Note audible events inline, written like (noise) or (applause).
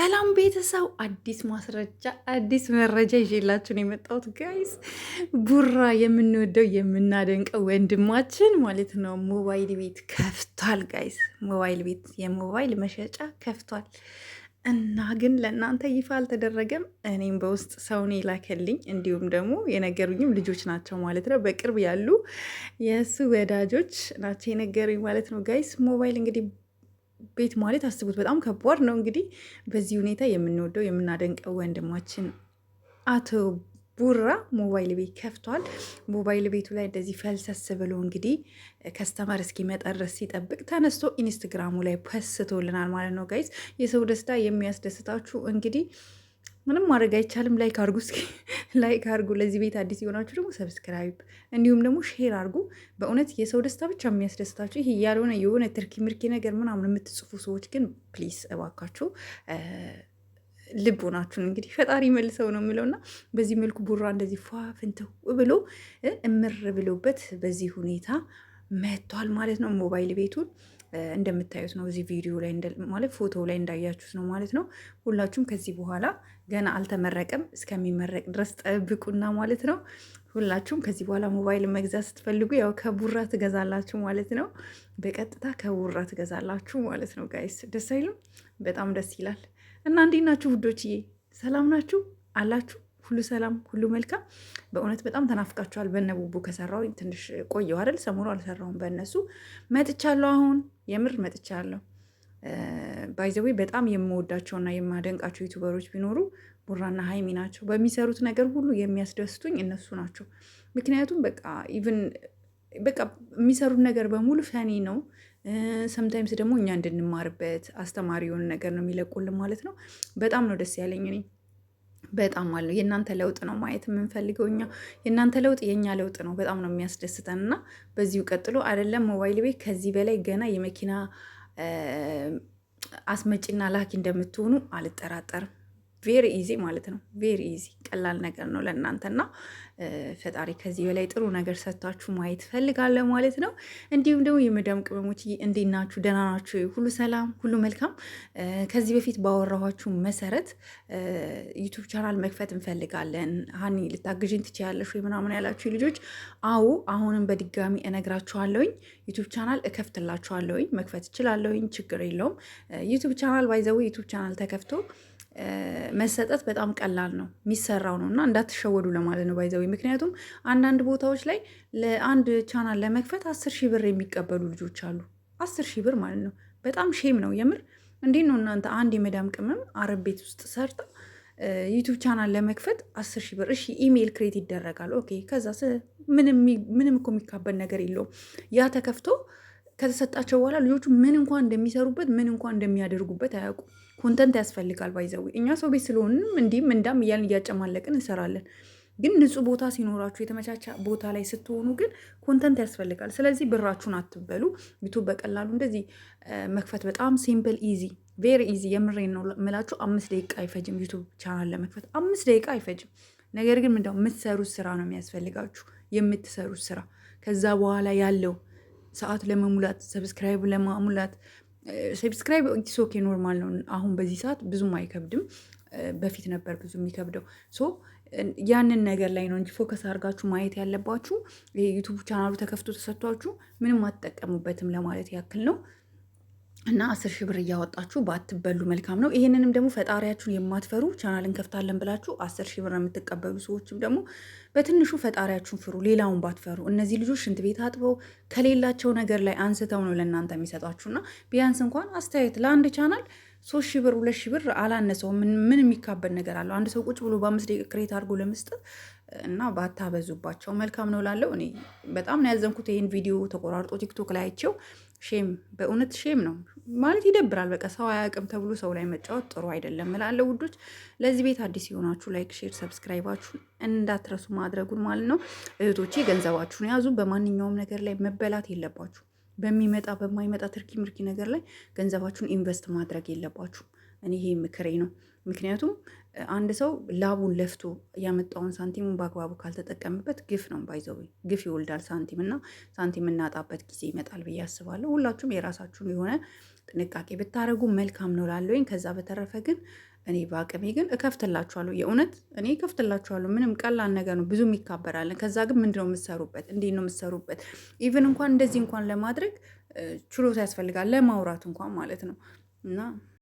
ሰላም ቤተሰብ፣ አዲስ ማስረጃ አዲስ መረጃ ይዤላችሁ ነው የመጣሁት። ጋይስ ቡራ የምንወደው የምናደንቀው ወንድማችን ማለት ነው ሞባይል ቤት ከፍቷል። ጋይስ ሞባይል ቤት የሞባይል መሸጫ ከፍቷል እና ግን ለእናንተ ይፋ አልተደረገም። እኔም በውስጥ ሰውን የላከልኝ እንዲሁም ደግሞ የነገሩኝም ልጆች ናቸው ማለት ነው። በቅርብ ያሉ የእሱ ወዳጆች ናቸው የነገሩኝ ማለት ነው። ጋይስ ሞባይል እንግዲህ ቤት ማለት አስቡት፣ በጣም ከባድ ነው። እንግዲህ በዚህ ሁኔታ የምንወደው የምናደንቀው ወንድማችን አቶ ቡራ ሞባይል ቤት ከፍቷል። ሞባይል ቤቱ ላይ እንደዚህ ፈልሰስ ብሎ እንግዲህ ከስተመር እስኪመጣ ድረስ ሲጠብቅ ተነስቶ ኢንስትግራሙ ላይ ፐስቶልናል ማለት ነው። ጋይዝ የሰው ደስታ የሚያስደስታችሁ እንግዲህ ምንም ማድረግ አይቻልም። ላይክ አርጉ፣ እስኪ (laughs) ላይክ አርጉ። ለዚህ ቤት አዲስ የሆናችሁ ደግሞ ሰብስክራይብ፣ እንዲሁም ደግሞ ሼር አርጉ። በእውነት የሰው ደስታ ብቻ የሚያስደስታችሁ ይሄ ያልሆነ የሆነ ትርኪ ምርኪ ነገር ምናምን የምትጽፉ ሰዎች ግን ፕሊስ እባካችሁ ልብ ሆናችሁን እንግዲህ ፈጣሪ መልሰው ነው የሚለውና በዚህ መልኩ ቡራ እንደዚህ ፏ ፍንትው ብሎ እምር ብሎበት በዚህ ሁኔታ መቷል ማለት ነው። ሞባይል ቤቱን እንደምታዩት ነው። እዚህ ቪዲዮ ላይ ማለት ፎቶ ላይ እንዳያችሁት ነው ማለት ነው። ሁላችሁም ከዚህ በኋላ ገና አልተመረቀም። እስከሚመረቅ ድረስ ጠብቁና ማለት ነው። ሁላችሁም ከዚህ በኋላ ሞባይል መግዛት ስትፈልጉ ያው ከቡራ ትገዛላችሁ ማለት ነው። በቀጥታ ከቡራ ትገዛላችሁ ማለት ነው። ጋይስ ደስ አይልም? በጣም ደስ ይላል። እና እንዴት ናችሁ ውዶችዬ? ሰላም ናችሁ አላችሁ? ሁሉ ሰላም፣ ሁሉ መልካም። በእውነት በጣም ተናፍቃችኋል። በነ ከሰራው ትንሽ ቆየው አይደል? ሰሞኑ አልሰራውም። በእነሱ መጥቻለሁ። አሁን የምር መጥቻለሁ። ባይዘዌ በጣም የምወዳቸውና የማደንቃቸው ዩቱበሮች ቢኖሩ ቡራና ሀይሚ ናቸው። በሚሰሩት ነገር ሁሉ የሚያስደስቱኝ እነሱ ናቸው። ምክንያቱም በቃ ኢቭን በቃ የሚሰሩት ነገር በሙሉ ፈኒ ነው። ሰምታይምስ ደግሞ እኛ እንድንማርበት አስተማሪ የሆነ ነገር ነው የሚለቁልን ማለት ነው። በጣም ነው ደስ ያለኝ እኔ በጣም አለው የእናንተ ለውጥ ነው ማየት የምንፈልገው እኛ የእናንተ ለውጥ የእኛ ለውጥ ነው። በጣም ነው የሚያስደስተን እና በዚሁ ቀጥሎ አይደለም ሞባይል ቤት ከዚህ በላይ ገና የመኪና አስመጪና ላኪ እንደምትሆኑ አልጠራጠርም። ቬሪ ኢዚ ማለት ነው። ቬሪ ኢዚ ቀላል ነገር ነው ለእናንተና ፈጣሪ ከዚህ በላይ ጥሩ ነገር ሰጥታችሁ ማየት ፈልጋለሁ ማለት ነው። እንዲሁም ደግሞ የመዳም ቅመሞች እንዴት ናችሁ? ደህና ናችሁ? ሁሉ ሰላም፣ ሁሉ መልካም። ከዚህ በፊት ባወራኋችሁ መሰረት ዩቱብ ቻናል መክፈት እንፈልጋለን፣ ሀኒ ልታግዥን ትችያለሽ ወይ ምናምን ያላችሁ ልጆች፣ አዎ አሁንም በድጋሚ እነግራችኋለሁኝ። ዩቱብ ቻናል እከፍትላችኋለሁኝ፣ መክፈት እችላለሁኝ፣ ችግር የለውም። ዩቱብ ቻናል ባይዘው ዩቱብ ቻናል ተከፍቶ መሰጠት በጣም ቀላል ነው፣ የሚሰራው ነው እና እንዳትሸወዱ ለማለት ነው ባይዘዊ። ምክንያቱም አንዳንድ ቦታዎች ላይ ለአንድ ቻናል ለመክፈት አስር ሺህ ብር የሚቀበሉ ልጆች አሉ። አስር ሺህ ብር ማለት ነው። በጣም ሼም ነው የምር። እንዴት ነው እናንተ አንድ የመዳም ቅመም አረብ ቤት ውስጥ ሰርታ ዩቱብ ቻናል ለመክፈት አስር ሺህ ብር? እሺ ኢሜይል ክሬት ይደረጋል። ኦኬ ከዛ ምንም እኮ የሚካበል ነገር የለውም። ያ ተከፍቶ ከተሰጣቸው በኋላ ልጆቹ ምን እንኳን እንደሚሰሩበት ምን እንኳን እንደሚያደርጉበት አያውቁ ኮንተንት ያስፈልጋል። ባይዘዊ እኛ ሰው ቤት ስለሆንም እንዲህም እንዳም እያልን እያጨማለቅን እንሰራለን። ግን ንጹህ ቦታ ሲኖራችሁ የተመቻቸ ቦታ ላይ ስትሆኑ ግን ኮንተንት ያስፈልጋል። ስለዚህ ብራችሁን አትበሉ። ዩቱብ በቀላሉ እንደዚህ መክፈት በጣም ሲምፕል ኢዚ፣ ቬሪ ኢዚ። የምሬን ነው የምላችሁ። አምስት ደቂቃ አይፈጅም ዩቱብ ቻናል ለመክፈት አምስት ደቂቃ አይፈጅም። ነገር ግን ምንድነው የምትሰሩት ስራ ነው የሚያስፈልጋችሁ፣ የምትሰሩት ስራ ከዛ በኋላ ያለው ሰዓት ለመሙላት ሰብስክራይብ ለማሙላት ሰብስክራይብ ኦኬ ኖርማል ነው። አሁን በዚህ ሰዓት ብዙም አይከብድም። በፊት ነበር ብዙ የሚከብደው። ሶ ያንን ነገር ላይ ነው እንጂ ፎከስ አድርጋችሁ ማየት ያለባችሁ። ዩቱብ ቻናሉ ተከፍቶ ተሰጥቷችሁ ምንም አትጠቀሙበትም ለማለት ያክል ነው። እና አስር ሺህ ብር እያወጣችሁ ባትበሉ መልካም ነው። ይህንንም ደግሞ ፈጣሪያችሁን የማትፈሩ ቻናል እንከፍታለን ብላችሁ አስር ሺህ ብር የምትቀበሉ ሰዎችም ደግሞ በትንሹ ፈጣሪያችሁን ፍሩ፣ ሌላውን ባትፈሩ። እነዚህ ልጆች ሽንት ቤት አጥበው ከሌላቸው ነገር ላይ አንስተው ነው ለእናንተ የሚሰጣችሁና ቢያንስ እንኳን አስተያየት ለአንድ ቻናል ሶስት ሺህ ብር ሁለት ሺህ ብር አላነሰው። ምን የሚካበድ ነገር አለው? አንድ ሰው ቁጭ ብሎ በአምስት ደቂቃ ክሬት አድርጎ ለመስጠት እና ባታበዙባቸው መልካም ነው ላለው። እኔ በጣም ነው ያዘንኩት ይህን ቪዲዮ ተቆራርጦ ቲክቶክ ላይ አይቼው። ሼም በእውነት ሼም ነው ማለት ይደብራል። በቃ ሰው አያውቅም ተብሎ ሰው ላይ መጫወት ጥሩ አይደለም እላለሁ። ውዶች ለዚህ ቤት አዲስ የሆናችሁ ላይክ፣ ሼር፣ ሰብስክራይባችሁን እንዳትረሱ ማድረጉን ማለት ነው። እህቶቼ ገንዘባችሁን ያዙ። በማንኛውም ነገር ላይ መበላት የለባችሁ። በሚመጣ በማይመጣ ትርኪ ምርኪ ነገር ላይ ገንዘባችሁን ኢንቨስት ማድረግ የለባችሁ። እኔ ይሄ ምክሬ ነው። ምክንያቱም አንድ ሰው ላቡን ለፍቶ ያመጣውን ሳንቲሙን በአግባቡ ካልተጠቀምበት ግፍ ነው ባይዘው ግፍ ይወልዳል ሳንቲም እና ሳንቲም እናጣበት ጊዜ ይመጣል ብዬ አስባለሁ። ሁላችሁም የራሳችሁን የሆነ ጥንቃቄ ብታደረጉ መልካም ነው ላለኝ። ከዛ በተረፈ ግን እኔ በአቅሜ ግን እከፍትላችኋለሁ። የእውነት እኔ እከፍትላችኋለሁ። ምንም ቀላል ነገር ነው። ብዙም ይካበራለን። ከዛ ግን ምንድነው የምትሰሩበት? እንዴት ነው የምትሰሩበት? ኢቨን እንኳን እንደዚህ እንኳን ለማድረግ ችሎታ ያስፈልጋል። ለማውራት እንኳን ማለት ነው እና